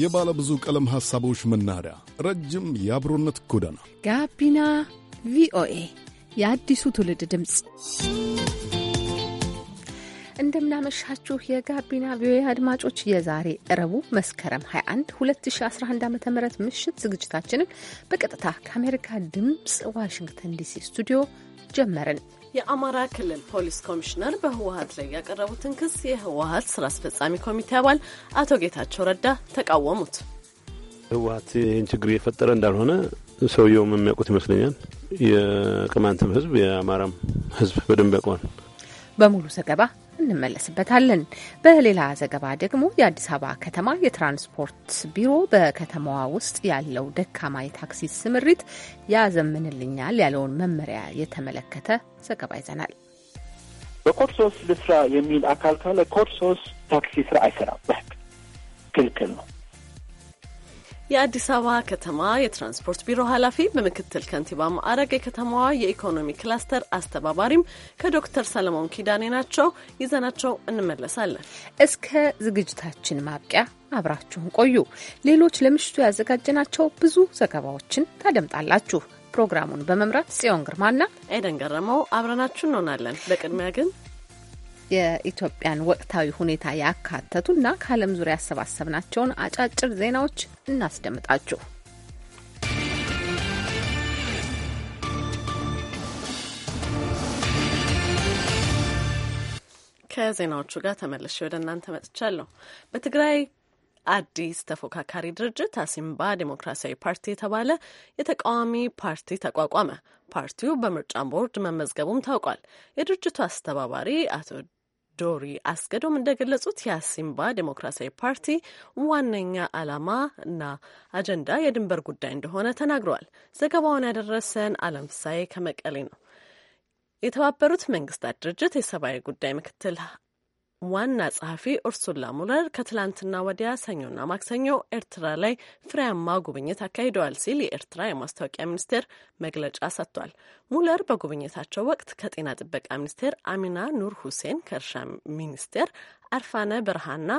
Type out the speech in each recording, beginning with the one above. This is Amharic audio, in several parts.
የባለ ብዙ ቀለም ሐሳቦች መናኸሪያ፣ ረጅም የአብሮነት ጎዳና ጋቢና ቪኦኤ የአዲሱ ትውልድ ድምፅ። እንደምናመሻችሁ የጋቢና ቪኦኤ አድማጮች፣ የዛሬ እረቡ መስከረም 21 2011 ዓ ም ምሽት ዝግጅታችንን በቀጥታ ከአሜሪካ ድምፅ ዋሽንግተን ዲሲ ስቱዲዮ ጀመርን። የአማራ ክልል ፖሊስ ኮሚሽነር በህወሀት ላይ ያቀረቡትን ክስ የህወሀት ስራ አስፈጻሚ ኮሚቴ አባል አቶ ጌታቸው ረዳ ተቃወሙት። ህወሀት ይህን ችግር እየፈጠረ እንዳልሆነ ሰውየውም የሚያውቁት ይመስለኛል። የቅማንትም ህዝብ የአማራም ህዝብ በደንብ ያውቀዋል። በሙሉ ዘገባ እንመለስበታለን። በሌላ ዘገባ ደግሞ የአዲስ አበባ ከተማ የትራንስፖርት ቢሮ በከተማዋ ውስጥ ያለው ደካማ የታክሲ ስምሪት ያዘምንልኛል ያለውን መመሪያ የተመለከተ ዘገባ ይዘናል። በኮድ ሶስት ልስራ የሚል አካል ካለ ኮድ ሶስት ታክሲ ስራ አይሰራም። በህግ ክልክል ነው። የአዲስ አበባ ከተማ የትራንስፖርት ቢሮ ኃላፊ በምክትል ከንቲባ ማዕረግ የከተማዋ የኢኮኖሚ ክላስተር አስተባባሪም ከዶክተር ሰለሞን ኪዳኔ ናቸው። ይዘናቸው እንመለሳለን። እስከ ዝግጅታችን ማብቂያ አብራችሁን ቆዩ። ሌሎች ለምሽቱ ያዘጋጀናቸው ብዙ ዘገባዎችን ታደምጣላችሁ። ፕሮግራሙን በመምራት ጽዮን ግርማና ኤደን ገረመው አብረናችሁ እንሆናለን። በቅድሚያ ግን የኢትዮጵያን ወቅታዊ ሁኔታ ያካተቱና ከዓለም ዙሪያ ያሰባሰብናቸውን አጫጭር ዜናዎች እናስደምጣችሁ። ከዜናዎቹ ጋር ተመልሼ ወደ እናንተ መጥቻለሁ። በትግራይ አዲስ ተፎካካሪ ድርጅት አሲምባ ዴሞክራሲያዊ ፓርቲ የተባለ የተቃዋሚ ፓርቲ ተቋቋመ። ፓርቲው በምርጫ ቦርድ መመዝገቡም ታውቋል። የድርጅቱ አስተባባሪ አቶ ዶሪ አስገዶም እንደገለጹት የአሲምባ ዴሞክራሲያዊ ፓርቲ ዋነኛ ዓላማ እና አጀንዳ የድንበር ጉዳይ እንደሆነ ተናግረዋል። ዘገባውን ያደረሰን አለም ፍሳዬ ከመቀሌ ነው። የተባበሩት መንግስታት ድርጅት የሰብአዊ ጉዳይ ምክትል ዋና ጸሐፊ ኡርሱላ ሙለር ከትላንትና ወዲያ ሰኞና ማክሰኞ ኤርትራ ላይ ፍሬያማ ጉብኝት አካሂደዋል ሲል የኤርትራ የማስታወቂያ ሚኒስቴር መግለጫ ሰጥቷል። ሙለር በጉብኝታቸው ወቅት ከጤና ጥበቃ ሚኒስቴር አሚና ኑር ሁሴን፣ ከእርሻ ሚኒስቴር አርፋነ ብርሃና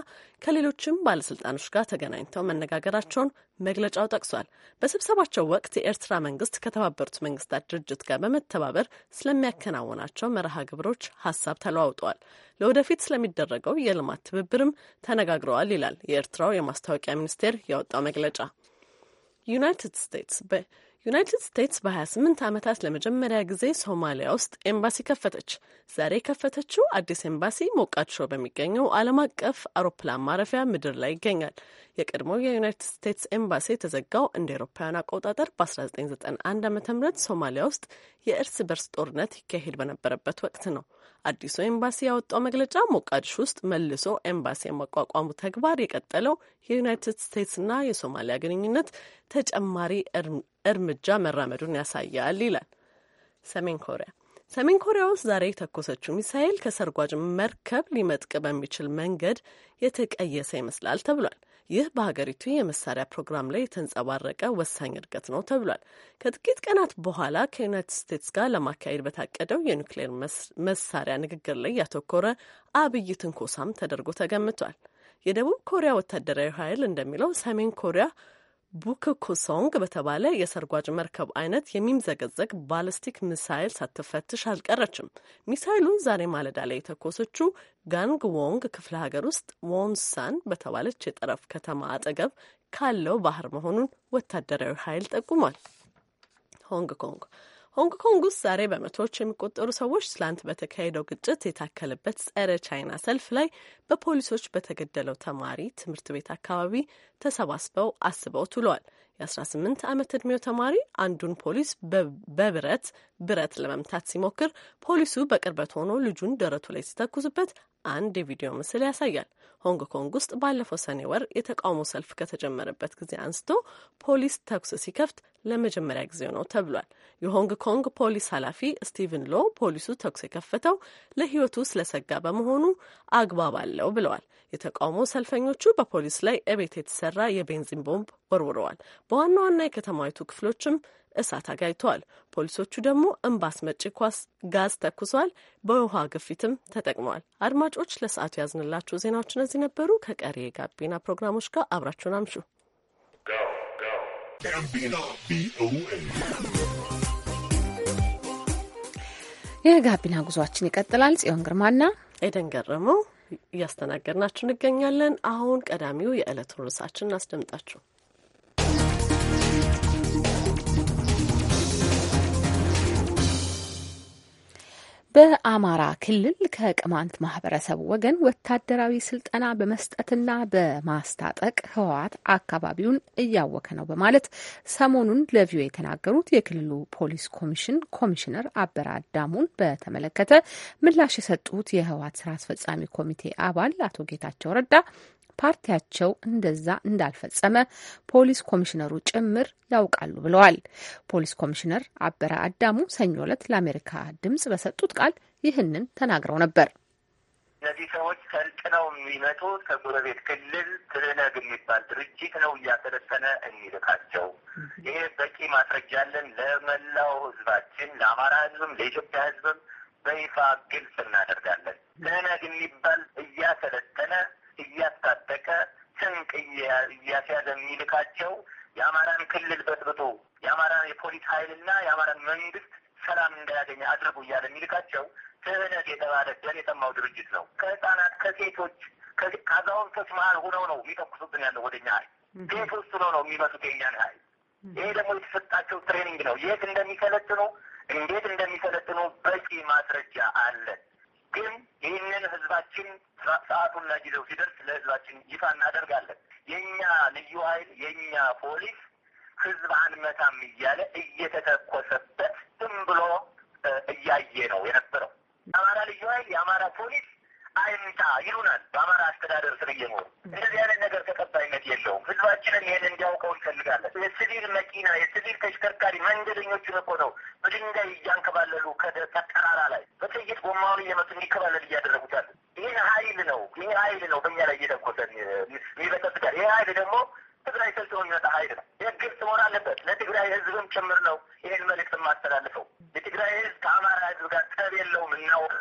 ከሌሎችም ባለስልጣኖች ጋር ተገናኝተው መነጋገራቸውን መግለጫው ጠቅሷል። በስብሰባቸው ወቅት የኤርትራ መንግስት ከተባበሩት መንግስታት ድርጅት ጋር በመተባበር ስለሚያከናውናቸው መርሃ ግብሮች ሀሳብ ተለዋውጠዋል። ለወደፊት ስለሚደረገው የልማት ትብብርም ተነጋግረዋል ይላል የኤርትራው የማስታወቂያ ሚኒስቴር ያወጣው መግለጫ ዩናይትድ ስቴትስ ዩናይትድ ስቴትስ በ28 ዓመታት ለመጀመሪያ ጊዜ ሶማሊያ ውስጥ ኤምባሲ ከፈተች። ዛሬ የከፈተችው አዲስ ኤምባሲ ሞቃዲሾ በሚገኘው ዓለም አቀፍ አውሮፕላን ማረፊያ ምድር ላይ ይገኛል። የቀድሞው የዩናይትድ ስቴትስ ኤምባሲ የተዘጋው እንደ ኤሮፓውያን አቆጣጠር በ1991 ዓ ም ሶማሊያ ውስጥ የእርስ በርስ ጦርነት ይካሄድ በነበረበት ወቅት ነው። አዲሱ ኤምባሲ ያወጣው መግለጫ ሞቃዲሾ ውስጥ መልሶ ኤምባሲ የማቋቋሙ ተግባር የቀጠለው የዩናይትድ ስቴትስና የሶማሊያ ግንኙነት ተጨማሪ እርምጃ መራመዱን ያሳያል ይላል። ሰሜን ኮሪያ ሰሜን ኮሪያ ውስጥ ዛሬ የተኮሰችው ሚሳኤል ከሰርጓጅ መርከብ ሊመጥቅ በሚችል መንገድ የተቀየሰ ይመስላል ተብሏል። ይህ በሀገሪቱ የመሳሪያ ፕሮግራም ላይ የተንጸባረቀ ወሳኝ እድገት ነው ተብሏል። ከጥቂት ቀናት በኋላ ከዩናይትድ ስቴትስ ጋር ለማካሄድ በታቀደው የኒውክሌር መሳሪያ ንግግር ላይ ያተኮረ አብይ ትንኮሳም ተደርጎ ተገምቷል። የደቡብ ኮሪያ ወታደራዊ ኃይል እንደሚለው ሰሜን ኮሪያ ቡክኩሶንግ በተባለ የሰርጓጅ መርከብ አይነት የሚምዘገዘግ ባለስቲክ ሚሳይል ሳትፈትሽ አልቀረችም። ሚሳይሉን ዛሬ ማለዳ ላይ የተኮሰችው ጋንግ ዎንግ ክፍለ ሀገር ውስጥ ዎንሳን በተባለች የጠረፍ ከተማ አጠገብ ካለው ባህር መሆኑን ወታደራዊ ኃይል ጠቁሟል። ሆንግ ኮንግ ሆንግ ኮንግ ውስጥ ዛሬ በመቶዎች የሚቆጠሩ ሰዎች ትላንት በተካሄደው ግጭት የታከለበት ጸረ ቻይና ሰልፍ ላይ በፖሊሶች በተገደለው ተማሪ ትምህርት ቤት አካባቢ ተሰባስበው አስበው ውለዋል። የ18 ዓመት ዕድሜው ተማሪ አንዱን ፖሊስ በብረት ብረት ለመምታት ሲሞክር ፖሊሱ በቅርበት ሆኖ ልጁን ደረቱ ላይ ሲተኩስበት አንድ የቪዲዮ ምስል ያሳያል። ሆንግ ኮንግ ውስጥ ባለፈው ሰኔ ወር የተቃውሞ ሰልፍ ከተጀመረበት ጊዜ አንስቶ ፖሊስ ተኩስ ሲከፍት ለመጀመሪያ ጊዜ ነው ተብሏል። የሆንግ ኮንግ ፖሊስ ኃላፊ ስቲቨን ሎ ፖሊሱ ተኩስ የከፈተው ለሕይወቱ ስለሰጋ በመሆኑ አግባብ አለው ብለዋል። የተቃውሞ ሰልፈኞቹ በፖሊስ ላይ እቤት የተሰራ የቤንዚን ቦምብ ወርውረዋል። በዋና ዋና የከተማዊቱ ክፍሎችም እሳት አጋይቷል። ፖሊሶቹ ደግሞ እምባስ መጪ ኳስ ጋዝ ተኩሰዋል። በውሃ ግፊትም ተጠቅመዋል። አድማጮች ለሰዓቱ ያዝንላችሁ ዜናዎች እነዚህ ነበሩ። ከቀሪ የጋቢና ፕሮግራሞች ጋር አብራችሁን አምሹ። የጋቢና ጉዟችን ይቀጥላል። ጽዮን ግርማና ኤደን ገረመው እያስተናገድናችሁ እንገኛለን። አሁን ቀዳሚው የዕለቱ ርዕሳችን እናስደምጣችሁ። በአማራ ክልል ከቅማንት ማህበረሰብ ወገን ወታደራዊ ስልጠና በመስጠትና በማስታጠቅ ህወሓት አካባቢውን እያወከ ነው በማለት ሰሞኑን ለቪኦኤ የተናገሩት የክልሉ ፖሊስ ኮሚሽን ኮሚሽነር አበራ ዳሙን በተመለከተ ምላሽ የሰጡት የህወሓት ስራ አስፈጻሚ ኮሚቴ አባል አቶ ጌታቸው ረዳ ፓርቲያቸው እንደዛ እንዳልፈጸመ ፖሊስ ኮሚሽነሩ ጭምር ያውቃሉ ብለዋል። ፖሊስ ኮሚሽነር አበረ አዳሙ ሰኞ ዕለት ለአሜሪካ ድምጽ በሰጡት ቃል ይህንን ተናግረው ነበር። እነዚህ ሰዎች ነው የሚመጡት ከጎረቤት ክልል ትህነግ የሚባል ድርጅት ነው እያሰለጠነ የሚልካቸው። ይሄ በቂ ማስረጃ አለን። ለመላው ህዝባችን፣ ለአማራ ህዝብም ለኢትዮጵያ ህዝብም በይፋ ግልጽ እናደርጋለን። ትህነግ የሚባል እያሰለጠነ እያስታጠቀ ስንቅ እያስያዘ የሚልካቸው የአማራን ክልል በጥብጦ የአማራን የፖሊስ ኃይልና የአማራን መንግስት ሰላም እንዳያገኘ አድርጉ እያለ የሚልካቸው ትህነት የተባለ ደን የጠማው ድርጅት ነው። ከህጻናት ከሴቶች፣ ከአዛውንቶች መሀል ሆነው ነው የሚተኩሱብን ያለው ወደኛ ሀይል ቤት ውስጥ ነው ነው የሚመቱት የኛን ሀይል። ይሄ ደግሞ የተሰጣቸው ትሬኒንግ ነው። የት እንደሚሰለጥኑ እንዴት እንደሚሰለጥኑ በቂ ማስረጃ አለን። ግን ይህንን ህዝባችን ሰዓቱና ጊዜው ሲደርስ ለህዝባችን ይፋ እናደርጋለን። የእኛ ልዩ ኃይል የእኛ ፖሊስ ህዝብ አንመታም እያለ እየተተኮሰበት ዝም ብሎ እያየ ነው የነበረው። የአማራ ልዩ ኃይል የአማራ ፖሊስ አይምጣ ይሉናል። በአማራ አስተዳደር ስር እየኖሩ እንደዚህ አይነት ነገር ተቀባይነት የለውም። ህዝባችንም ይህን እንዲያውቀው ይፈልጋለን። የሲቪል መኪና፣ የሲቪል ተሽከርካሪ መንገደኞቹን እኮ ነው በድንጋይ እያንከባለሉ ከተራራ ላይ በጥይት ጎማውን እየመቱ እንዲከባለል እያደረጉት ያለ ይህን ሀይል ነው ይህ ሀይል ነው በእኛ ላይ እየተኮሰን የሚበጠብቃል። ይህ ሀይል ደግሞ ትግራይ ሰልጥኖ የሚመጣ ሀይል ነው። የግብጽ መሆን አለበት። ለትግራይ ህዝብም ጭምር ነው ይህን መልእክት የማስተላልፈው። የትግራይ ህዝብ ከአማራ ህዝብ ጋር ጠብ የለውም። እናወቅ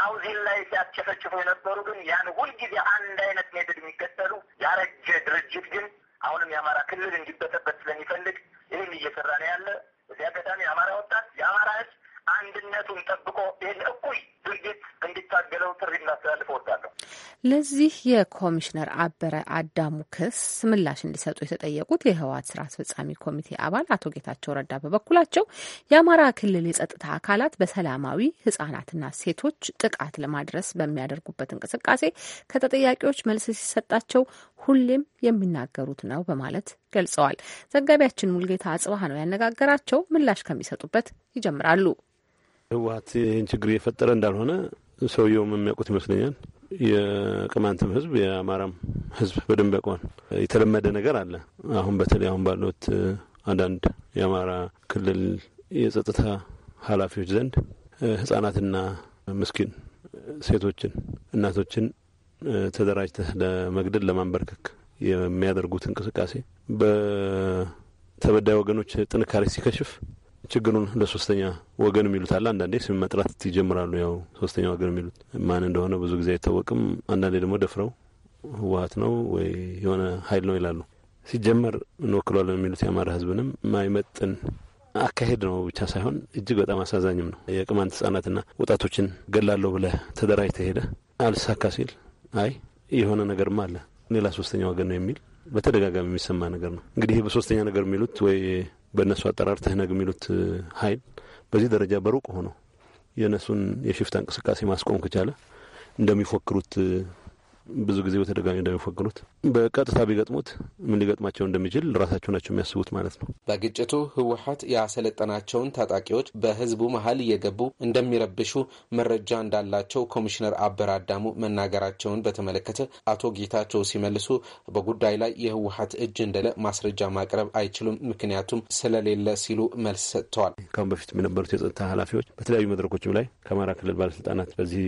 ሀውዜን ላይ ሲያቸፈችፉ የነበሩ ግን ያን ሁልጊዜ አንድ አይነት ሜድድ የሚከተሉ ያረጀ ድርጅት ግን አሁንም የአማራ ክልል እንዲበጠበት ስለሚፈልግ ይህን እየሰራ ነው ያለ። እዚህ አጋጣሚ የአማራ ወጣት የአማራ ህዝብ አንድነቱን ጠብቆ ይህን እኩይ ድርጊት እንዲታገለው ጥሪ እናስተላልፍ እወዳለሁ። ለዚህ የኮሚሽነር አበረ አዳሙ ክስ ምላሽ እንዲሰጡ የተጠየቁት የህወሓት ስራ አስፈጻሚ ኮሚቴ አባል አቶ ጌታቸው ረዳ በበኩላቸው የአማራ ክልል የጸጥታ አካላት በሰላማዊ ህጻናትና ሴቶች ጥቃት ለማድረስ በሚያደርጉበት እንቅስቃሴ ከተጠያቂዎች መልስ ሲሰጣቸው ሁሌም የሚናገሩት ነው በማለት ገልጸዋል። ዘጋቢያችን ሙልጌታ አጽባህ ነው ያነጋገራቸው። ምላሽ ከሚሰጡበት ይጀምራሉ። ህወሀት ይህን ችግር የፈጠረ እንዳልሆነ ሰውየውም የሚያውቁት ይመስለኛል። የቅማንትም ህዝብ የአማራም ህዝብ በደንብ ያውቀዋል። የተለመደ ነገር አለ። አሁን በተለይ አሁን ባሉት አንዳንድ የአማራ ክልል የጸጥታ ኃላፊዎች ዘንድ ህጻናትና ምስኪን ሴቶችን፣ እናቶችን ተደራጅተህ ለመግደል ለማንበርከክ የሚያደርጉት እንቅስቃሴ በተበዳይ ወገኖች ጥንካሬ ሲከሽፍ ችግሩን እንደ ሶስተኛ ወገን የሚሉት አለ። አንዳንዴ ስም መጥራት ይጀምራሉ። ያው ሶስተኛ ወገን የሚሉት ማን እንደሆነ ብዙ ጊዜ አይታወቅም። አንዳንዴ ደግሞ ደፍረው ህወሀት ነው ወይ የሆነ ሀይል ነው ይላሉ። ሲጀመር እንወክሏለን የሚሉት የአማራ ህዝብንም ማይመጥን አካሄድ ነው ብቻ ሳይሆን እጅግ በጣም አሳዛኝም ነው። የቅማንት ህጻናትና ወጣቶችን ገላለሁ ብለ ተደራጅ ተሄደ አልሳካ ሲል አይ የሆነ ነገርማ አለ ሌላ ሶስተኛ ወገን ነው የሚል በተደጋጋሚ የሚሰማ ነገር ነው። እንግዲህ በሶስተኛ ነገር የሚሉት ወይ በእነሱ አጠራር ትህነግ የሚሉት ሀይል በዚህ ደረጃ በሩቅ ሆኖ የእነሱን የሽፍታ እንቅስቃሴ ማስቆም ከቻለ እንደሚፎክሩት ብዙ ጊዜ በተደጋሚ እንደሚፈግኑት በቀጥታ ቢገጥሙት ምን ሊገጥማቸው እንደሚችል ራሳቸው ናቸው የሚያስቡት ማለት ነው። በግጭቱ ህወሀት ያሰለጠናቸውን ታጣቂዎች በህዝቡ መሀል እየገቡ እንደሚረብሹ መረጃ እንዳላቸው ኮሚሽነር አበር አዳሙ መናገራቸውን በተመለከተ አቶ ጌታቸው ሲመልሱ በጉዳይ ላይ የህወሀት እጅ እንደለ ማስረጃ ማቅረብ አይችሉም፣ ምክንያቱም ስለሌለ ሲሉ መልስ ሰጥተዋል። ካሁን በፊት የነበሩት የጸጥታ ኃላፊዎች በተለያዩ መድረኮችም ላይ ከአማራ ክልል ባለስልጣናት በዚህ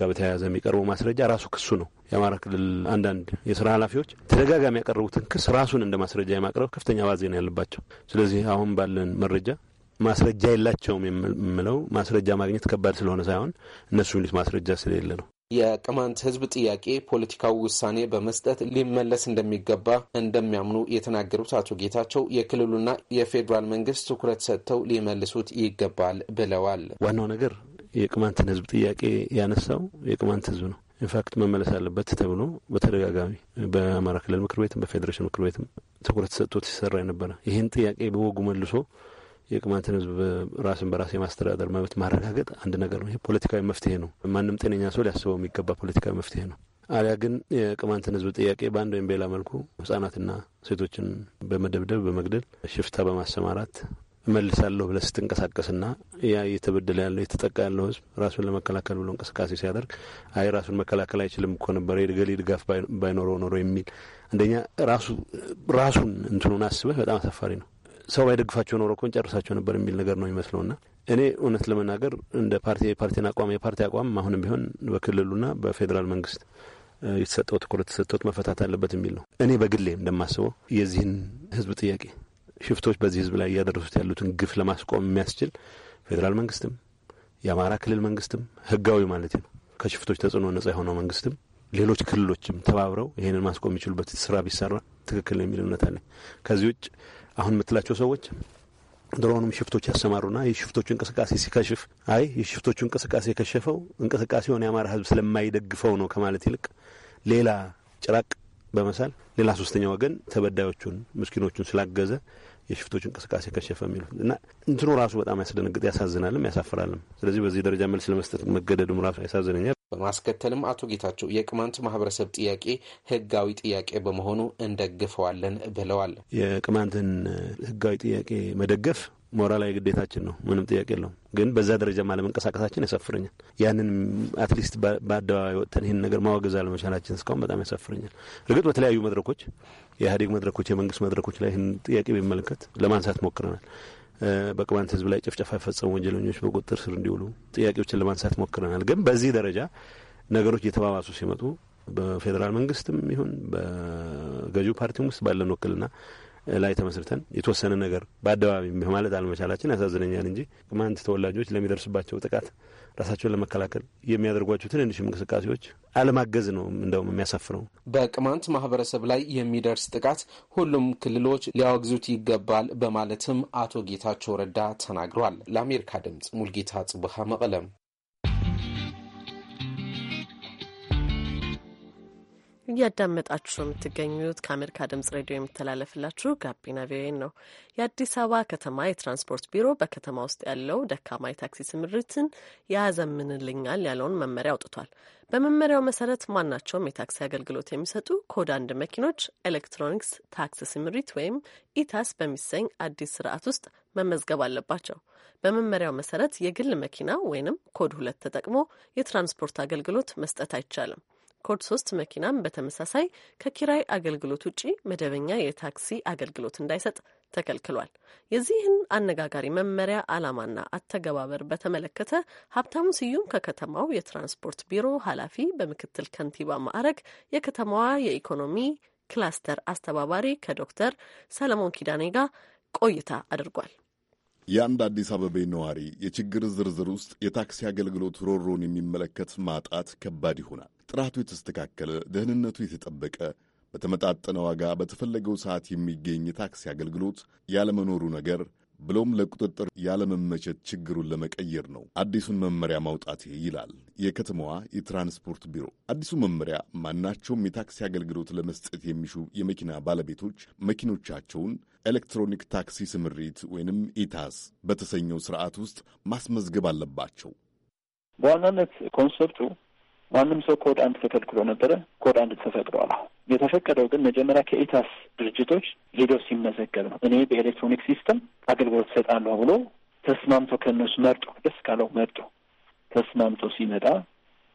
ጋር በተያያዘ የሚቀርበው ማስረጃ ራሱ ክሱ ነው የአማራ ክልል አንዳንድ የስራ ኃላፊዎች ተደጋጋሚ ያቀረቡትን ክስ ራሱን እንደ ማስረጃ የማቅረብ ከፍተኛ ባዜ ነው ያለባቸው። ስለዚህ አሁን ባለን መረጃ ማስረጃ የላቸውም የምለው ማስረጃ ማግኘት ከባድ ስለሆነ ሳይሆን እነሱ የሚሉት ማስረጃ ስለሌለ ነው። የቅማንት ህዝብ ጥያቄ ፖለቲካዊ ውሳኔ በመስጠት ሊመለስ እንደሚገባ እንደሚያምኑ የተናገሩት አቶ ጌታቸው የክልሉና የፌዴራል መንግስት ትኩረት ሰጥተው ሊመልሱት ይገባል ብለዋል። ዋናው ነገር የቅማንትን ህዝብ ጥያቄ ያነሳው የቅማንት ህዝብ ነው። ኢንፋክት መመለስ አለበት ተብሎ በተደጋጋሚ በአማራ ክልል ምክር ቤትም በፌዴሬሽን ምክር ቤትም ትኩረት ተሰጥቶት ሲሰራ የነበረ ይህን ጥያቄ በወጉ መልሶ የቅማንትን ህዝብ ራስን በራስ የማስተዳደር መብት ማረጋገጥ አንድ ነገር ነው። ይሄ ፖለቲካዊ መፍትሄ ነው። ማንም ጤነኛ ሰው ሊያስበው የሚገባ ፖለቲካዊ መፍትሄ ነው። አሊያ ግን የቅማንትን ህዝብ ጥያቄ በአንድ ወይም በሌላ መልኩ ህጻናትና ሴቶችን በመደብደብ በመግደል ሽፍታ በማሰማራት እመልሳለሁ ብለህ ስትንቀሳቀስና ያ እየተበደለ ያለው የተጠቃ ያለው ህዝብ ራሱን ለመከላከል ብሎ እንቅስቃሴ ሲያደርግ አይ ራሱን መከላከል አይችልም እኮ ነበረ የገሌ ድጋፍ ባይኖረው ኖሮ የሚል አንደኛ ራሱ ራሱን እንትኑን አስበህ በጣም አሳፋሪ ነው። ሰው ባይደግፋቸው ኖሮ እኮ ጨርሳቸው ነበር የሚል ነገር ነው የሚመስለውና እኔ እውነት ለመናገር እንደ ፓርቲ የፓርቲን አቋም የፓርቲ አቋም አሁንም ቢሆን በክልሉና በፌዴራል መንግስት የተሰጠው ትኩረት ተሰጥቶት መፈታት አለበት የሚል ነው። እኔ በግሌ እንደማስበው የዚህን ህዝብ ጥያቄ ሽፍቶች በዚህ ህዝብ ላይ እያደረሱት ያሉትን ግፍ ለማስቆም የሚያስችል ፌዴራል መንግስትም የአማራ ክልል መንግስትም ህጋዊ ማለት ነው ከሽፍቶች ተጽዕኖ ነጻ የሆነው መንግስትም ሌሎች ክልሎችም ተባብረው ይህንን ማስቆም የሚችሉበት ስራ ቢሰራ ትክክል ነው የሚል እምነት አለ። ከዚህ ውጭ አሁን የምትላቸው ሰዎች ድሮውንም ሽፍቶች ያሰማሩና የሽፍቶቹ እንቅስቃሴ ሲከሽፍ አይ የሽፍቶቹ እንቅስቃሴ የከሸፈው እንቅስቃሴውን የአማራ ህዝብ ስለማይደግፈው ነው ከማለት ይልቅ ሌላ ጭራቅ በመሳል ሌላ ሶስተኛ ወገን ተበዳዮቹን ምስኪኖቹን ስላገዘ የሽፍቶች እንቅስቃሴ ከሸፈ የሚሉት እና እንትኑ ራሱ በጣም ያስደነግጥ ያሳዝናልም ያሳፍራልም። ስለዚህ በዚህ ደረጃ መልስ ለመስጠት መገደድም ራሱ ያሳዝነኛል። በማስከተልም አቶ ጌታቸው የቅማንት ማህበረሰብ ጥያቄ ህጋዊ ጥያቄ በመሆኑ እንደግፈዋለን ብለዋል። የቅማንትን ህጋዊ ጥያቄ መደገፍ ሞራላዊ ግዴታችን ነው። ምንም ጥያቄ የለውም። ግን በዛ ደረጃ አለመንቀሳቀሳችን ያሳፍረኛል። ያንን አትሊስት በአደባባይ ወጥተን ይህን ነገር ማወገዝ አለመቻላችን እስካሁን በጣም ያሳፍረኛል። እርግጥ በተለያዩ መድረኮች፣ የኢህአዴግ መድረኮች፣ የመንግስት መድረኮች ላይ ይህን ጥያቄ ቢመለከት ለማንሳት ሞክረናል። በቅማንት ህዝብ ላይ ጭፍጨፋ የፈጸሙ ወንጀለኞች በቁጥጥር ስር እንዲውሉ ጥያቄዎችን ለማንሳት ሞክረናል። ግን በዚህ ደረጃ ነገሮች እየተባባሱ ሲመጡ በፌዴራል መንግስትም ይሁን በገዢው ፓርቲም ውስጥ ባለን ወክልና ላይ ተመስርተን የተወሰነ ነገር በአደባባይ ማለት አለመቻላችን ያሳዝነኛል እንጂ ቅማንት ተወላጆች ለሚደርስባቸው ጥቃት ራሳቸውን ለመከላከል የሚያደርጓቸው ትንንሽ እንቅስቃሴዎች አለማገዝ ነው እንደውም የሚያሳፍነው። በቅማንት ማህበረሰብ ላይ የሚደርስ ጥቃት ሁሉም ክልሎች ሊያወግዙት ይገባል በማለትም አቶ ጌታቸው ረዳ ተናግሯል። ለአሜሪካ ድምጽ ሙልጌታ ጽቡሃ መቀለም እያዳመጣችሁ የምትገኙት ከአሜሪካ ድምጽ ሬዲዮ የሚተላለፍላችሁ ጋቢና ቪኦኤ ነው። የአዲስ አበባ ከተማ የትራንስፖርት ቢሮ በከተማ ውስጥ ያለው ደካማ የታክሲ ስምሪትን ያዘምንልኛል ያለውን መመሪያ አውጥቷል። በመመሪያው መሰረት ማናቸውም የታክሲ አገልግሎት የሚሰጡ ኮድ አንድ መኪኖች ኤሌክትሮኒክስ ታክስ ስምሪት ወይም ኢታስ በሚሰኝ አዲስ ስርዓት ውስጥ መመዝገብ አለባቸው። በመመሪያው መሰረት የግል መኪና ወይንም ኮድ ሁለት ተጠቅሞ የትራንስፖርት አገልግሎት መስጠት አይቻልም። ኮድ ሶስት መኪናም በተመሳሳይ ከኪራይ አገልግሎት ውጪ መደበኛ የታክሲ አገልግሎት እንዳይሰጥ ተከልክሏል። የዚህን አነጋጋሪ መመሪያ ዓላማና አተገባበር በተመለከተ ሀብታሙ ስዩም ከከተማው የትራንስፖርት ቢሮ ኃላፊ በምክትል ከንቲባ ማዕረግ የከተማዋ የኢኮኖሚ ክላስተር አስተባባሪ ከዶክተር ሰለሞን ኪዳኔ ጋር ቆይታ አድርጓል። የአንድ አዲስ አበባ ነዋሪ የችግር ዝርዝር ውስጥ የታክሲ አገልግሎት ሮሮን የሚመለከት ማጣት ከባድ ይሆናል። ጥራቱ የተስተካከለ ደህንነቱ የተጠበቀ በተመጣጠነ ዋጋ በተፈለገው ሰዓት የሚገኝ የታክሲ አገልግሎት ያለመኖሩ ነገር ብሎም ለቁጥጥር ያለመመቸት ችግሩን ለመቀየር ነው አዲሱን መመሪያ ማውጣት ይላል የከተማዋ የትራንስፖርት ቢሮ። አዲሱ መመሪያ ማናቸውም የታክሲ አገልግሎት ለመስጠት የሚሹ የመኪና ባለቤቶች መኪኖቻቸውን ኤሌክትሮኒክ ታክሲ ስምሪት ወይንም ኢታስ በተሰኘው ስርዓት ውስጥ ማስመዝገብ አለባቸው። በዋናነት ኮንሰፕቱ ማንም ሰው ኮድ አንድ ተከልክሎ ነበረ። ኮድ አንድ ተፈቅዷል። የተፈቀደው ግን መጀመሪያ ከኢታስ ድርጅቶች ሄደው ሲመዘገብ ነው። እኔ በኤሌክትሮኒክ ሲስተም አገልግሎት ሰጣለሁ ብሎ ተስማምቶ ከእነሱ መርጦ ደስ ካለው መርጦ ተስማምቶ ሲመጣ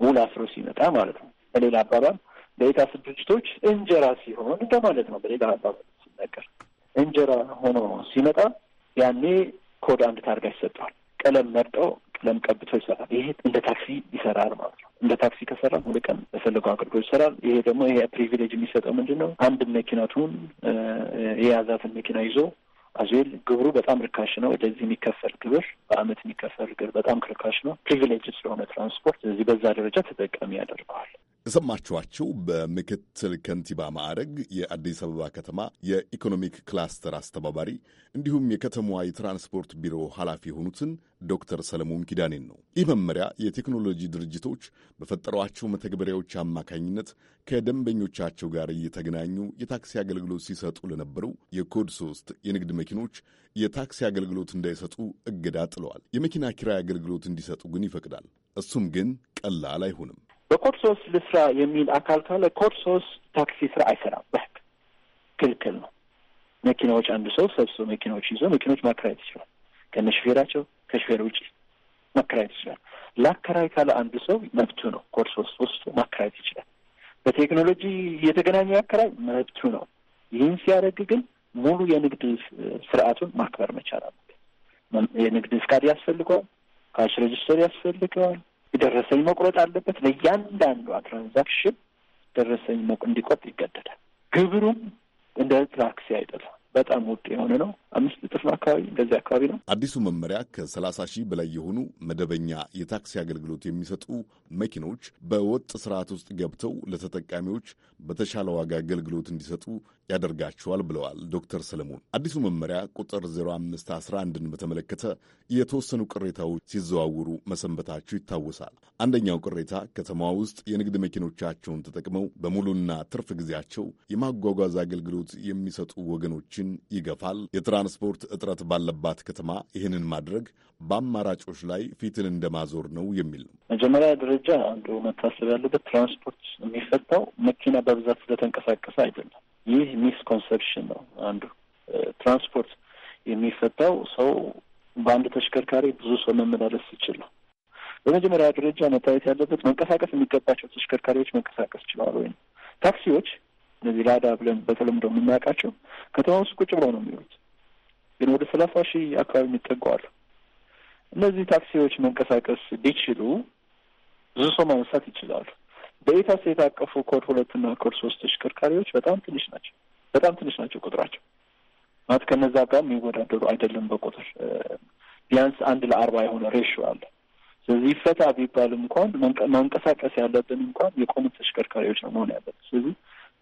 ውል አስሮ ሲመጣ ማለት ነው። በሌላ አባባል በኢታስ ድርጅቶች እንጀራ ሲሆን እንደማለት ነው። በሌላ አባባል ሲነገር እንጀራ ሆኖ ሲመጣ ያኔ ኮድ አንድ ታርጋ ይሰጠዋል። ቀለም መርጠው ለም ቀብቶ ይሰራል። ይሄ እንደ ታክሲ ይሰራል ማለት ነው። እንደ ታክሲ ከሰራ ወደ ቀን በፈለገው አቅርቦ ይሰራል። ይሄ ደግሞ ይሄ ፕሪቪሌጅ የሚሰጠው ምንድን ነው? አንድ መኪናቱን የያዛትን መኪና ይዞ አዙል ግብሩ በጣም ርካሽ ነው። ወደዚህ የሚከፈል ግብር በአመት የሚከፈል ግብር በጣም ርካሽ ነው። ፕሪቪሌጅ ስለሆነ ትራንስፖርት፣ እዚህ በዛ ደረጃ ተጠቃሚ ያደርገዋል። የሰማችኋቸው በምክትል ከንቲባ ማዕረግ የአዲስ አበባ ከተማ የኢኮኖሚክ ክላስተር አስተባባሪ እንዲሁም የከተማዋ የትራንስፖርት ቢሮ ኃላፊ የሆኑትን ዶክተር ሰለሞን ኪዳኔን ነው። ይህ መመሪያ የቴክኖሎጂ ድርጅቶች በፈጠሯቸው መተግበሪያዎች አማካኝነት ከደንበኞቻቸው ጋር እየተገናኙ የታክሲ አገልግሎት ሲሰጡ ለነበሩ የኮድ ሶስት የንግድ መኪኖች የታክሲ አገልግሎት እንዳይሰጡ እገዳ ጥለዋል። የመኪና ኪራይ አገልግሎት እንዲሰጡ ግን ይፈቅዳል። እሱም ግን ቀላል አይሆንም። በኮድ ሶስት ልስራ የሚል አካል ካለ ኮድ ሶስት ታክሲ ስራ አይሰራም። በህግ ክልክል ነው። መኪናዎች አንዱ ሰው ሰብስቦ መኪናዎች ይዞ መኪናዎች ማከራየት ይችላል። ከነ ሹፌራቸው ከሹፌር ውጭ ማከራየት ይችላል። ለአከራይ ካለ አንዱ ሰው መብቱ ነው። ኮድ ሶስት ውስጥ ማከራየት ይችላል። በቴክኖሎጂ የተገናኘ አከራይ መብቱ ነው። ይህን ሲያደርግ ግን ሙሉ የንግድ ስርዓቱን ማክበር መቻል አለበት። የንግድ ፍቃድ ያስፈልገዋል። ካሽ ሬጅስተር ያስፈልገዋል። ደረሰኝ መቁረጥ አለበት። ለእያንዳንዷ ትራንዛክሽን ደረሰኝ እንዲቆርጥ ይገደዳል። ግብሩም እንደ ታክሲ አይጠፋም። በጣም ውድ የሆነ ነው። አምስት እጥፍ አካባቢ እንደዚህ አካባቢ ነው። አዲሱ መመሪያ ከሰላሳ ሺህ በላይ የሆኑ መደበኛ የታክሲ አገልግሎት የሚሰጡ መኪኖች በወጥ ስርዓት ውስጥ ገብተው ለተጠቃሚዎች በተሻለ ዋጋ አገልግሎት እንዲሰጡ ያደርጋቸዋል ብለዋል ዶክተር ሰለሞን። አዲሱ መመሪያ ቁጥር 0511ን በተመለከተ የተወሰኑ ቅሬታዎች ሲዘዋውሩ መሰንበታቸው ይታወሳል። አንደኛው ቅሬታ ከተማ ውስጥ የንግድ መኪኖቻቸውን ተጠቅመው በሙሉና ትርፍ ጊዜያቸው የማጓጓዝ አገልግሎት የሚሰጡ ወገኖች ወጣቶችን ይገፋል። የትራንስፖርት እጥረት ባለባት ከተማ ይህንን ማድረግ በአማራጮች ላይ ፊትን እንደማዞር ነው የሚል ነው። መጀመሪያ ደረጃ አንዱ መታሰብ ያለበት ትራንስፖርት የሚፈታው መኪና በብዛት ስለተንቀሳቀሰ አይደለም። ይህ ሚስ ኮንሰፕሽን ነው። አንዱ ትራንስፖርት የሚፈታው ሰው በአንድ ተሽከርካሪ ብዙ ሰው መመላለስ ይችል ነው። በመጀመሪያ ደረጃ መታየት ያለበት መንቀሳቀስ የሚገባቸው ተሽከርካሪዎች መንቀሳቀስ ችለዋል ወይም ታክሲዎች እነዚህ ላዳ ብለን በተለምዶ የምናውቃቸው ከተማ ውስጥ ቁጭ ብለው ነው የሚሉት። ግን ወደ ሰላሳ ሺህ አካባቢ የሚጠጓዋል። እነዚህ ታክሲዎች መንቀሳቀስ ቢችሉ ብዙ ሰው ማንሳት ይችላሉ። በኢታስ የታቀፉ ኮድ ሁለትና ኮድ ሶስት ተሽከርካሪዎች በጣም ትንሽ ናቸው። በጣም ትንሽ ናቸው ቁጥራቸው ማለት ከነዛ ጋር የሚወዳደሩ አይደለም በቁጥር ቢያንስ አንድ ለአርባ የሆነ ሬሽ አለ። ስለዚህ ይፈታ ቢባል እንኳን መንቀሳቀስ ያለብን እንኳን የቆሙት ተሽከርካሪዎች ነው መሆን ያለብን። ስለዚህ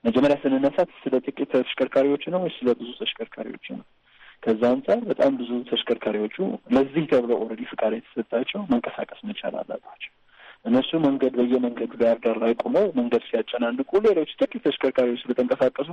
መጀመሪያ ስንነሳት ስለ ጥቂት ተሽከርካሪዎች ነው ወይ ስለ ብዙ ተሽከርካሪዎች ነው? ከዛ አንጻር በጣም ብዙ ተሽከርካሪዎቹ ለዚህ ተብሎ ኦልሬዲ ፍቃድ የተሰጣቸው መንቀሳቀስ መቻል አለባቸው። እነሱ መንገድ በየመንገዱ ዳር ዳር ላይ ቆመው መንገድ ሲያጨናንቁ፣ ሌሎች ጥቂት ተሽከርካሪዎች ስለተንቀሳቀሱ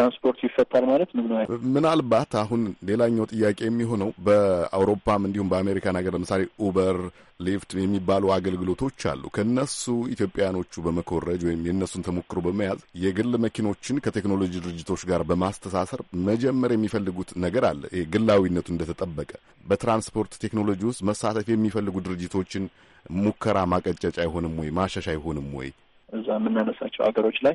ትራንስፖርት ይፈታል ማለት ምን ነው። ምናልባት አሁን ሌላኛው ጥያቄ የሚሆነው በአውሮፓም እንዲሁም በአሜሪካን ሀገር ለምሳሌ ኡበር፣ ሊፍት የሚባሉ አገልግሎቶች አሉ። ከእነሱ ኢትዮጵያኖቹ በመኮረጅ ወይም የእነሱን ተሞክሮ በመያዝ የግል መኪኖችን ከቴክኖሎጂ ድርጅቶች ጋር በማስተሳሰር መጀመር የሚፈልጉት ነገር አለ። ይሄ ግላዊነቱ እንደተጠበቀ በትራንስፖርት ቴክኖሎጂ ውስጥ መሳተፍ የሚፈልጉ ድርጅቶችን ሙከራ ማቀጨጫ አይሆንም ወይ? ማሻሻ አይሆንም ወይ? እዛ የምናነሳቸው ሀገሮች ላይ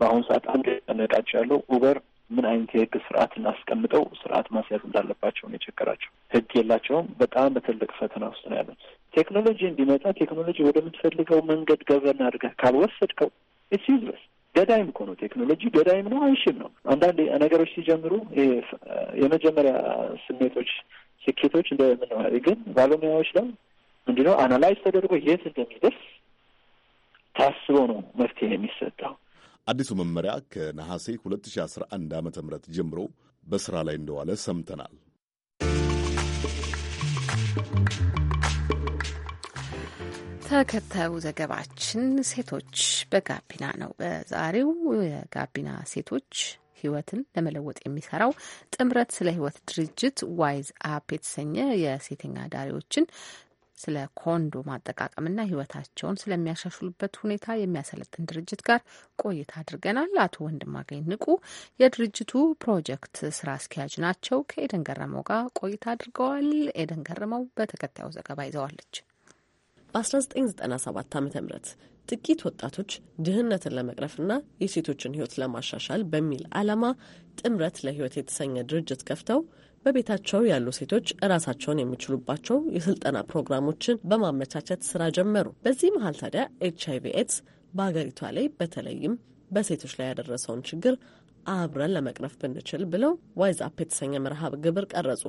በአሁኑ ሰዓት አንድ ያስጨነቃቸው ያለው ኡበር ምን አይነት የህግ ስርዓት እናስቀምጠው ስርዓት ማስያዝ እንዳለባቸው ነው የቸገራቸው። ህግ የላቸውም። በጣም በትልቅ ፈተና ውስጥ ነው ያለን። ቴክኖሎጂ እንዲመጣ ቴክኖሎጂ ወደምትፈልገው መንገድ ገበን አድርገህ ካልወሰድከው ኢትስ ዩዝለስ። ገዳይም እኮ ነው ቴክኖሎጂ፣ ገዳይም ነው፣ አይሽም ነው። አንዳንድ ነገሮች ሲጀምሩ የመጀመሪያ ስሜቶች፣ ስኬቶች እንደምንዋሪ ግን ባለሙያዎች ላይ ምንድነው አናላይዝ ተደርጎ የት እንደሚደርስ ታስቦ ነው መፍትሄ የሚሰጠው። አዲሱ መመሪያ ከነሐሴ 2011 ዓ ም ጀምሮ በሥራ ላይ እንደዋለ ሰምተናል። ተከታዩ ዘገባችን ሴቶች በጋቢና ነው። በዛሬው የጋቢና ሴቶች ህይወትን ለመለወጥ የሚሰራው ጥምረት ስለ ህይወት ድርጅት ዋይዝ አፕ የተሰኘ የሴተኛ ዳሪዎችን ስለ ኮንዶም አጠቃቀምና ህይወታቸውን ስለሚያሻሽሉበት ሁኔታ የሚያሰለጥን ድርጅት ጋር ቆይታ አድርገናል። አቶ ወንድማገኝ ንቁ የድርጅቱ ፕሮጀክት ስራ አስኪያጅ ናቸው። ከኤደን ገረመው ጋር ቆይታ አድርገዋል። ኤደን ገረመው በተከታዩ ዘገባ ይዘዋለች። በ1997 ዓ ም ጥቂት ወጣቶች ድህነትን ለመቅረፍና የሴቶችን ህይወት ለማሻሻል በሚል ዓላማ ጥምረት ለህይወት የተሰኘ ድርጅት ከፍተው በቤታቸው ያሉ ሴቶች ራሳቸውን የሚችሉባቸው የስልጠና ፕሮግራሞችን በማመቻቸት ስራ ጀመሩ። በዚህ መሀል ታዲያ ኤች አይቪ ኤድስ በሀገሪቷ ላይ በተለይም በሴቶች ላይ ያደረሰውን ችግር አብረን ለመቅረፍ ብንችል ብለው ዋይዛፕ የተሰኘ መርሃ ግብር ቀረጹ።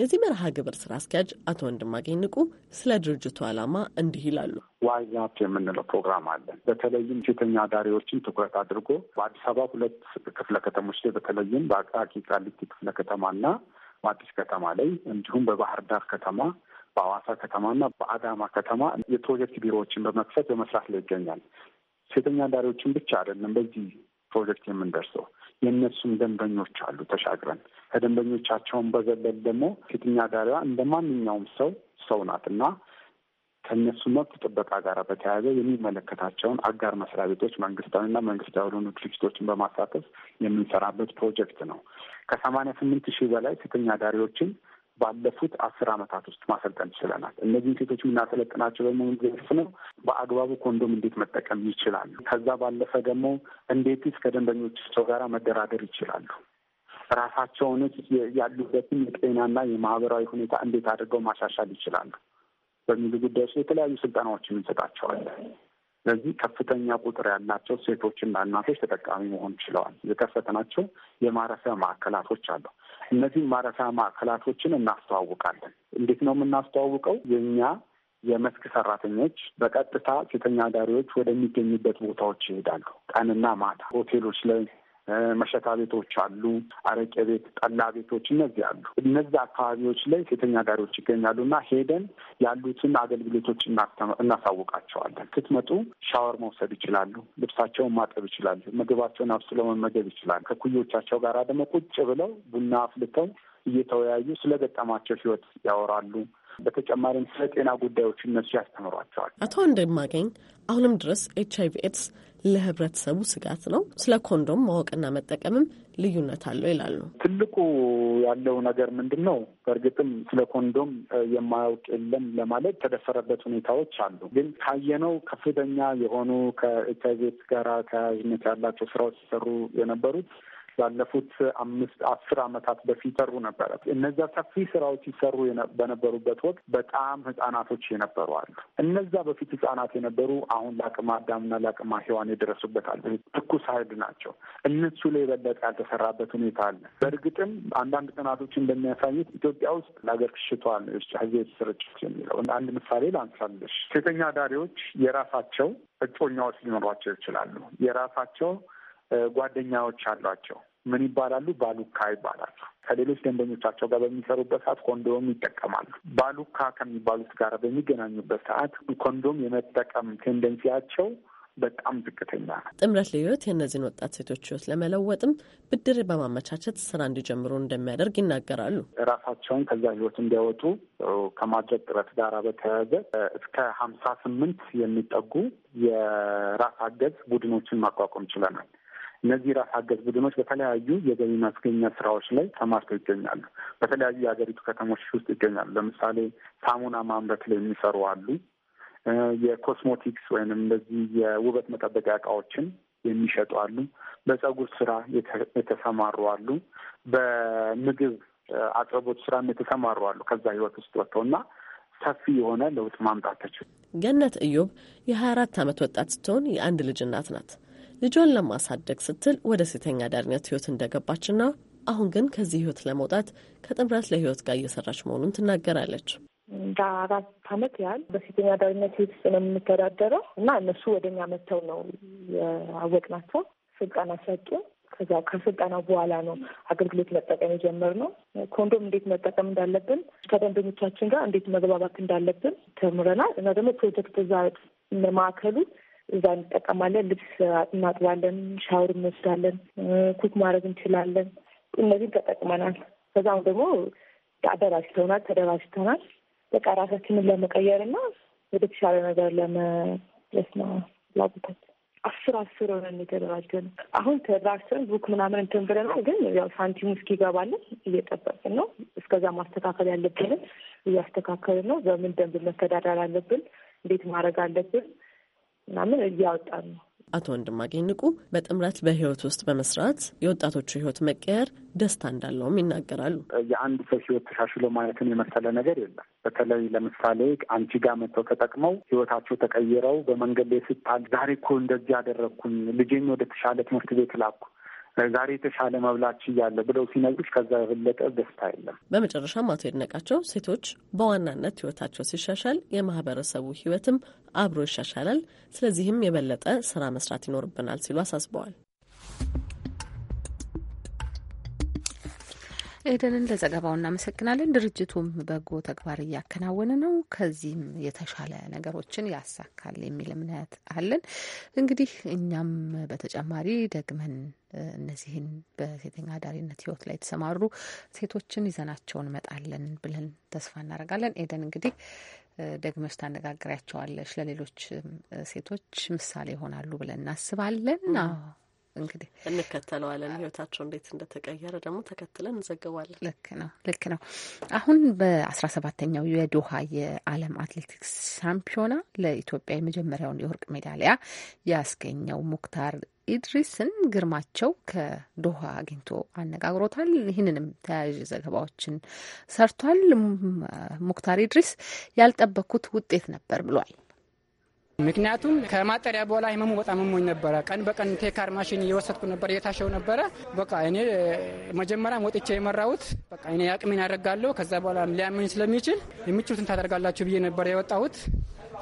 የዚህ መርሃ ግብር ስራ አስኪያጅ አቶ ወንድማገኝ ንቁ ስለ ድርጅቱ ዓላማ እንዲህ ይላሉ። ዋይዛፕ የምንለው ፕሮግራም አለን። በተለይም ሴተኛ አዳሪዎችን ትኩረት አድርጎ በአዲስ አበባ ሁለት ክፍለ ከተሞች ላይ በተለይም በአቃቂ ቃሊቲ ክፍለ ከተማና በአዲስ ከተማ ላይ እንዲሁም በባህር ዳር ከተማ በአዋሳ ከተማና በአዳማ ከተማ የፕሮጀክት ቢሮዎችን በመክፈት በመስራት ላይ ይገኛል። ሴተኛ አዳሪዎችን ብቻ አይደለም በዚህ ፕሮጀክት የምንደርሰው የእነሱም ደንበኞች አሉ። ተሻግረን ከደንበኞቻቸውን በዘለል ደግሞ ሴተኛ አዳሪዋ እንደ ማንኛውም ሰው ሰው ናት እና ከእነሱ መብት ጥበቃ ጋር በተያያዘ የሚመለከታቸውን አጋር መስሪያ ቤቶች መንግስታዊና መንግስታዊ ያልሆኑ ድርጅቶችን በማሳተፍ የምንሰራበት ፕሮጀክት ነው። ከሰማንያ ስምንት ሺህ በላይ ሴተኛ አዳሪዎችን ባለፉት አስር ዓመታት ውስጥ ማሰልጠን ችለናል። እነዚህን ሴቶች የምናሰለጥናቸው ደግሞ ዘርፍ ነው በአግባቡ ኮንዶም እንዴት መጠቀም ይችላሉ። ከዛ ባለፈ ደግሞ እንዴትስ ከደንበኞቻቸው ጋር መደራደር ይችላሉ። ራሳቸውን ያሉበትን የጤናና የማህበራዊ ሁኔታ እንዴት አድርገው ማሻሻል ይችላሉ። በሚሉ ጉዳዮች ላይ የተለያዩ ስልጠናዎችን እንሰጣቸዋለን። ስለዚህ ከፍተኛ ቁጥር ያላቸው ሴቶችና እናቶች ተጠቃሚ መሆን ችለዋል። የከፈትናቸው የማረፊያ ማዕከላቶች አሉ። እነዚህ ማረፊያ ማዕከላቶችን እናስተዋውቃለን። እንዴት ነው የምናስተዋውቀው? የእኛ የመስክ ሰራተኞች በቀጥታ ሴተኛ አዳሪዎች ወደሚገኙበት ቦታዎች ይሄዳሉ። ቀንና ማታ ሆቴሎች ላይ መሸታ ቤቶች አሉ፣ አረቄ ቤት፣ ጠላ ቤቶች እነዚህ አሉ። እነዚህ አካባቢዎች ላይ ሴተኛ ጋሪዎች ይገኛሉ እና ሄደን ያሉትን አገልግሎቶች እናሳውቃቸዋለን። ስትመጡ ሻወር መውሰድ ይችላሉ፣ ልብሳቸውን ማጠብ ይችላሉ፣ ምግባቸውን አብስለው መመገብ ይችላሉ። ከኩዮቻቸው ጋር ደግሞ ቁጭ ብለው ቡና አፍልተው እየተወያዩ ስለ ገጠማቸው ህይወት ያወራሉ። በተጨማሪም ስለ ጤና ጉዳዮች እነሱ ያስተምሯቸዋል። አቶ እንደማገኝ አሁንም ድረስ ኤች አይቪ ኤድስ ለህብረተሰቡ ስጋት ነው። ስለ ኮንዶም ማወቅና መጠቀምም ልዩነት አለው ይላሉ። ትልቁ ያለው ነገር ምንድን ነው? በእርግጥም ስለ ኮንዶም የማያውቅ የለም ለማለት የተደፈረበት ሁኔታዎች አሉ። ግን ካየነው ከፍተኛ የሆኑ ከኤች አይ ኤድስ ጋር ተያያዥነት ያላቸው ስራዎች ሲሰሩ የነበሩት ባለፉት አምስት አስር አመታት በፊት ይሰሩ ነበረ። እነዛ ሰፊ ስራዎች ይሰሩ በነበሩበት ወቅት በጣም ህጻናቶች የነበሩ አሉ። እነዛ በፊት ህጻናት የነበሩ አሁን ለአቅመ አዳምና ለአቅመ ሔዋን የደረሱበት አሉ። ትኩስ ሀይል ናቸው። እነሱ ላይ የበለጠ ያልተሰራበት ሁኔታ አለ። በእርግጥም አንዳንድ ጥናቶች እንደሚያሳዩት ኢትዮጵያ ውስጥ ለሀገር ክሽቷል ህዝብ ስርጭት የሚለው አንድ ምሳሌ ላንሳለሽ። ሴተኛ ዳሪዎች የራሳቸው እጮኛዎች ሊኖሯቸው ይችላሉ። የራሳቸው ጓደኛዎች አሏቸው። ምን ይባላሉ? ባሉካ ይባላሉ። ከሌሎች ደንበኞቻቸው ጋር በሚሰሩበት ሰዓት ኮንዶም ይጠቀማሉ። ባሉካ ከሚባሉት ጋር በሚገናኙበት ሰዓት ኮንዶም የመጠቀም ቴንደንሲያቸው በጣም ዝቅተኛ ነው። ጥምረት ልዩት የእነዚህን ወጣት ሴቶች ህይወት ለመለወጥም ብድር በማመቻቸት ስራ እንዲጀምሩ እንደሚያደርግ ይናገራሉ። ራሳቸውን ከዛ ህይወት እንዲያወጡ ከማድረግ ጥረት ጋር በተያያዘ እስከ ሀምሳ ስምንት የሚጠጉ የራስ አገዝ ቡድኖችን ማቋቋም ችለናል። እነዚህ ራስ አገዝ ቡድኖች በተለያዩ የገቢ ማስገኛ ስራዎች ላይ ተማርተው ይገኛሉ። በተለያዩ የሀገሪቱ ከተሞች ውስጥ ይገኛሉ። ለምሳሌ ሳሙና ማምረት ላይ የሚሰሩ አሉ። የኮስሞቲክስ ወይንም እንደዚህ የውበት መጠበቂያ እቃዎችን የሚሸጡ አሉ። በጸጉር ስራ የተሰማሩ አሉ። በምግብ አቅርቦት ስራም የተሰማሩ አሉ። ከዛ ህይወት ውስጥ እና ሰፊ የሆነ ለውጥ ማምጣት ተችሏል። ገነት እዮብ የሀያ አራት አመት ወጣት ስትሆን የአንድ ልጅ እናት ናት። ልጇን ለማሳደግ ስትል ወደ ሴተኛ አዳሪነት ህይወት እንደገባችና አሁን ግን ከዚህ ህይወት ለመውጣት ከጥምረት ለህይወት ጋር እየሰራች መሆኑን ትናገራለች። እንደ አራት አመት ያህል በሴተኛ አዳሪነት ህይወት ውስጥ ነው የምንተዳደረው እና እነሱ ወደ እኛ መጥተው ነው ያወቅናቸው። ስልጠና ሰጡን። ከዛ ከስልጠናው በኋላ ነው አገልግሎት መጠቀም የጀመርነው። ኮንዶም እንዴት መጠቀም እንዳለብን፣ ከደንበኞቻችን ጋር እንዴት መግባባት እንዳለብን ተምረናል እና ደግሞ ፕሮጀክት እዛ ማዕከሉ እዛ እንጠቀማለን። ልብስ እናጥባለን፣ ሻውር እንወስዳለን፣ ኩክ ማድረግ እንችላለን። እነዚህን ተጠቅመናል። ከዛም ደግሞ አደራጅተውናል፣ ተደራጅተናል። በቃ ራሳችንን ለመቀየር እና ወደ ተሻለ ነገር ለመለስ ነው ፍላጎታችን። አስር አስር ሆነን ነው። አሁን ተደራጅተን ቡክ ምናምን እንትን ብለን ነው፣ ግን ያው ሳንቲሙ እስኪገባለን እየጠበቅን ነው። እስከዛ ማስተካከል ያለብንን እያስተካከልን ነው። በምን ደንብ መተዳደር አለብን፣ እንዴት ማድረግ አለብን ምናምን እያወጣን ነው። አቶ ወንድማገኝ ንቁ በጥምረት በህይወት ውስጥ በመስራት የወጣቶቹ ህይወት መቀየር ደስታ እንዳለውም ይናገራሉ። የአንድ ሰው ህይወት ተሻሽሎ ማለትን የመሰለ ነገር የለም። በተለይ ለምሳሌ አንቺ ጋር መጥተው ተጠቅመው ህይወታቸው ተቀይረው በመንገድ ላይ ስጣል፣ ዛሬ እኮ እንደዚህ ያደረግኩኝ፣ ልጄን ወደ ተሻለ ትምህርት ቤት ላኩ ዛሬ የተሻለ መብላች እያለ ብለው ሲነግሩች ከዛ የበለጠ ደስታ የለም። በመጨረሻም አቶ የድነቃቸው ሴቶች በዋናነት ህይወታቸው ሲሻሻል የማህበረሰቡ ህይወትም አብሮ ይሻሻላል። ስለዚህም የበለጠ ስራ መስራት ይኖርብናል ሲሉ አሳስበዋል። ኤደንን ለዘገባው እናመሰግናለን። ድርጅቱም በጎ ተግባር እያከናወነ ነው፣ ከዚህም የተሻለ ነገሮችን ያሳካል የሚል እምነት አለን። እንግዲህ እኛም በተጨማሪ ደግመን እነዚህን በሴተኛ አዳሪነት ህይወት ላይ የተሰማሩ ሴቶችን ይዘናቸውን መጣለን ብለን ተስፋ እናደርጋለን። ኤደን እንግዲህ ደግመሽ ታነጋግሪያቸዋለሽ፣ ለሌሎች ሴቶች ምሳሌ ይሆናሉ ብለን እናስባለን። እንግዲህ እንከተለዋለን። ህይወታቸው እንዴት እንደተቀየረ ደግሞ ተከትለን እንዘግባለን። ልክ ነው፣ ልክ ነው። አሁን በአስራ ሰባተኛው የዶሃ የዓለም አትሌቲክስ ሻምፒዮና ለኢትዮጵያ የመጀመሪያውን የወርቅ ሜዳሊያ ያስገኘው ሙክታር ኢድሪስን ግርማቸው ከዶሃ አግኝቶ አነጋግሮታል። ይህንንም ተያያዥ ዘገባዎችን ሰርቷል። ሙክታር ኢድሪስ ያልጠበኩት ውጤት ነበር ብሏል። ምክንያቱም ከማጠሪያ በኋላ ህመሙ በጣም ህሞኝ ነበረ። ቀን በቀን ቴካር ማሽን እየወሰድኩ ነበር፣ እየታሸው ነበረ። በቃ እኔ መጀመሪያ ወጥቼ የመራሁት በቃ እኔ አቅሜን ያደርጋለሁ፣ ከዛ በኋላ ሊያመኝ ስለሚችል የምችሉትን ታደርጋላችሁ ብዬ ነበር የወጣሁት።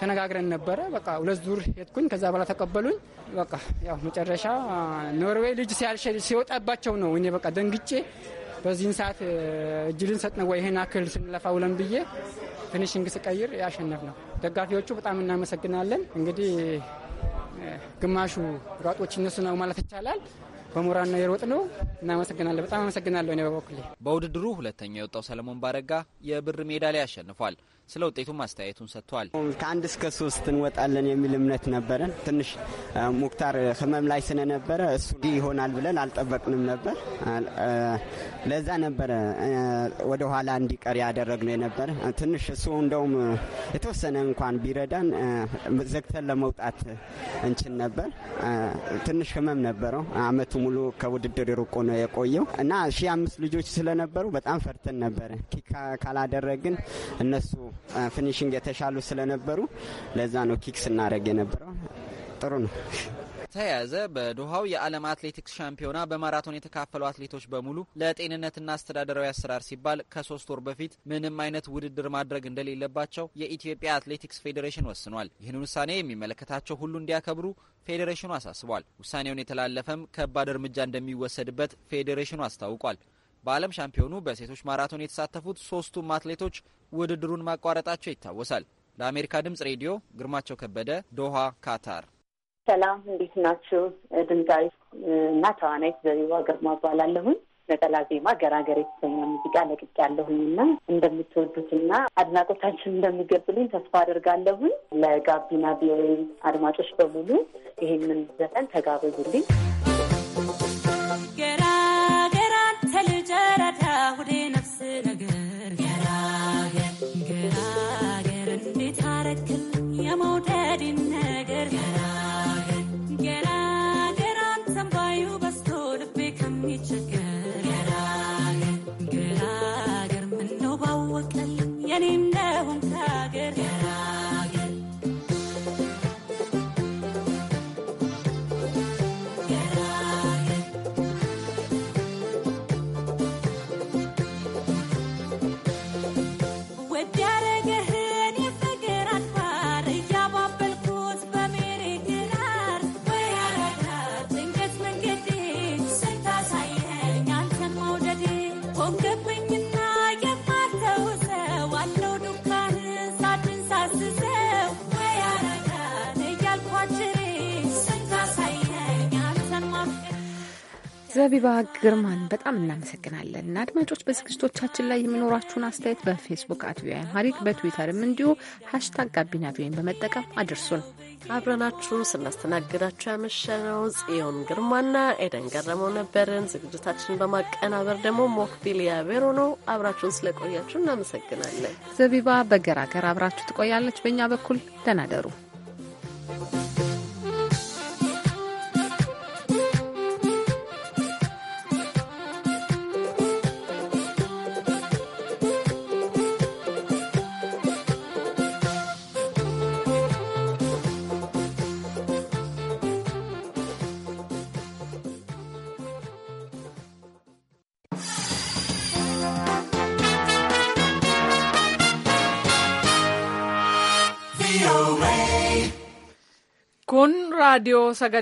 ተነጋግረን ነበረ። በቃ ሁለት ዙር ሄድኩኝ። ከዛ በኋላ ተቀበሉኝ። በቃ ያው መጨረሻ ኖርዌይ ልጅ ሲወጣባቸው ነው እኔ በቃ ደንግጬ በዚህን ሰዓት እጅ ሰጥነ ነው ወይ ይህን አክል ስንለፋ ውለን ብዬ ፊኒሽንግ እንግስቀይር ያሸነፍ ነው። ደጋፊዎቹ በጣም እናመሰግናለን። እንግዲህ ግማሹ ሯጦች እነሱ ነው ማለት ይቻላል። በሞራና የሮጥ ነው። እናመሰግናለን። በጣም አመሰግናለሁ። እኔ በበኩሌ በውድድሩ ሁለተኛ የወጣው ሰለሞን ባረጋ የብር ሜዳሊያ አሸንፏል። ስለ ውጤቱም አስተያየቱን ሰጥቷል። ከአንድ እስከ ሶስት እንወጣለን የሚል እምነት ነበረን። ትንሽ ሙክታር ህመም ላይ ስለነበረ እሱ ይሆናል ብለን አልጠበቅንም ነበር። ለዛ ነበረ ወደኋላ እንዲቀር ያደረግነው የነበረ ትንሽ እሱ እንደውም የተወሰነ እንኳን ቢረዳን ዘግተን ለመውጣት እንችል ነበር። ትንሽ ህመም ነበረው። አመቱ ሙሉ ከውድድር ርቆ ነው የቆየው እና ሺህ አምስት ልጆች ስለነበሩ በጣም ፈርተን ነበረ። ካላደረግን እነሱ ፊኒሽንግ የተሻሉ ስለነበሩ ለዛ ነው ኪክ እናደረግ የነበረው። ጥሩ ነው። ተያያዘ በዶሃው የዓለም አትሌቲክስ ሻምፒዮና በማራቶን የተካፈሉ አትሌቶች በሙሉ ለጤንነትና አስተዳደራዊ አሰራር ሲባል ከሶስት ወር በፊት ምንም አይነት ውድድር ማድረግ እንደሌለባቸው የኢትዮጵያ አትሌቲክስ ፌዴሬሽን ወስኗል። ይህን ውሳኔ የሚመለከታቸው ሁሉ እንዲያከብሩ ፌዴሬሽኑ አሳስቧል። ውሳኔውን የተላለፈም ከባድ እርምጃ እንደሚወሰድበት ፌዴሬሽኑ አስታውቋል። በዓለም ሻምፒዮኑ በሴቶች ማራቶን የተሳተፉት ሶስቱም አትሌቶች ውድድሩን ማቋረጣቸው ይታወሳል። ለአሜሪካ ድምጽ ሬዲዮ ግርማቸው ከበደ ዶሃ ካታር። ሰላም እንዴት ናችሁ? ድምፃዊ እና ተዋናይት ዘቢባ ግርማ እባላለሁኝ። ነጠላ ዜማ ገራገር የተሰኘ ሙዚቃ ለቅቄያለሁኝ እና እንደምትወዱትና አድናቆታችን እንደሚገብልኝ ተስፋ አደርጋለሁኝ። ለጋቢና ቪኦኤ አድማጮች በሙሉ ይሄንን ዘፈን ተጋበዙልኝ። ከንቲባ ግርማን በጣም እናመሰግናለን። አድማጮች በዝግጅቶቻችን ላይ የሚኖራችሁን አስተያየት በፌስቡክ አት ቪኦኤ አማሪክ በትዊተርም እንዲሁ ሀሽታግ ጋቢና ቪኦኤን በመጠቀም አድርሱን። አብረናችሁ ስናስተናግዳችሁ ያመሸነው ጽዮን ግርማና ኤደን ገረመው ነበርን። ዝግጅታችንን በማቀናበር ደግሞ ሞክቢሊያ ቤሮ ነው። አብራችሁን ስለቆያችሁ እናመሰግናለን። ዘቢባ በገራገር አብራችሁ ትቆያለች። በእኛ በኩል Thank ደሩ። Radio sagrado